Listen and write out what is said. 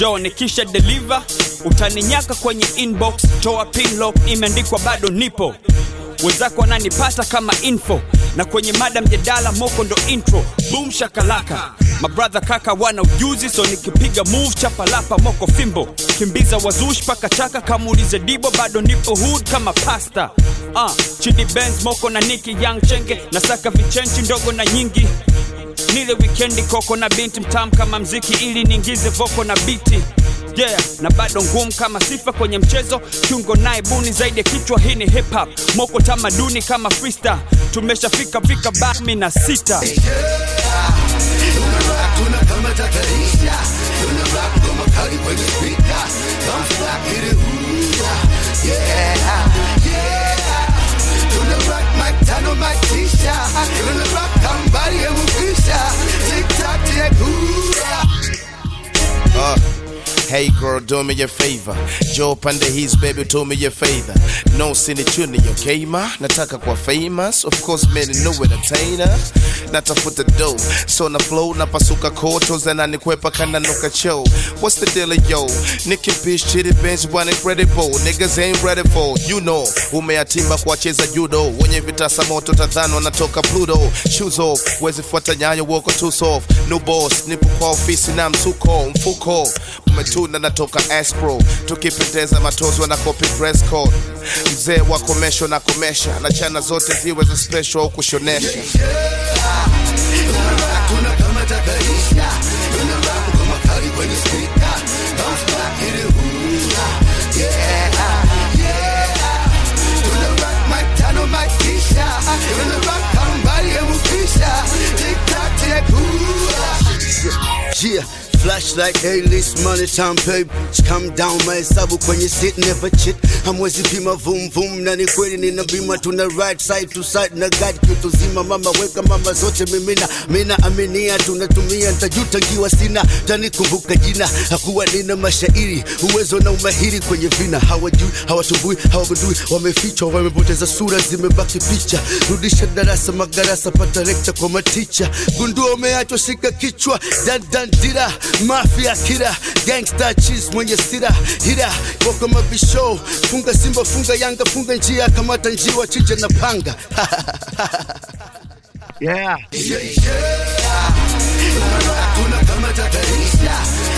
jo kisha deliver, utaninyaka kwenye inbox, toa pin lock, imeandikwa bado nipo, wenzako wananipata kama info, na kwenye mada mjadala, moko ndo intro, boom shakalaka Mabradha kaka wana ujuzi, so nikipiga move chapalapa moko fimbo, kimbiza wazushi paka chaka, kamuulize Dibo, bado nipo hood kama pasta. Uh, Chidi Benz moko na Niki Young Chenge, nasaka vichenchi ndogo na nyingi nile wikendi koko na binti mtamu kama mziki ili niingize voko na biti yeah, na bado ngumu kama sifa kwenye mchezo kiungo naye buni zaidi ya kichwa hii ni hip hop moko tamaduni kama freestyle tumeshafika vika bami na sita Tuna Hey girl, do me a favor. Joe pande his baby, do me a favor. No sini tuni yo gamer. Nataka kwa famous. Of course, many no entertainer. Natafuta dough. So na flow, napasuka koto, zananikwepa kananuka cho. What's the deal, yo? Nicky bitch, chitty bench, one incredible. Niggas ain't ready for, you know. Umeatimba kuwacheza judo. you vitasa moto tadhano, natoka Pluto. Shoes off, Where's wezi fuata walk woko too soft. No boss, nipo kwa ofisi na msuko, mfuko. Umetu tuna natoka Espro, tukipendeza matozwa na copy dress code. Mzee wa komesho na komesha na chana zote ziwe za special au kushonesha flash like hey list money time champagne come down my sabu when you sit never cheat hamwezi pima vum vum nani kweli ni kweli to the right side to side na god guide kiutuzima mama weka mama zote mimina mina aminia tunatumia ntajutangiwa sina tani kumbuka jina hakuwa nina mashairi uwezo na umahiri kwenye vina hawajui hawatubui hawagundui wameficha wamepoteza sura zimebaki picha rudisha darasa madarasa pata lecture kwa maticha gundua umeachwa oh, shika kichwa dandandira Mafia killer, gangsta cheese when mwenye sira hira Wako mabisho, funga Simba, funga Yanga, funga njia Kamata njiwa, chinja na panga Yeah, yeah. yeah. yeah. yeah. yeah. yeah.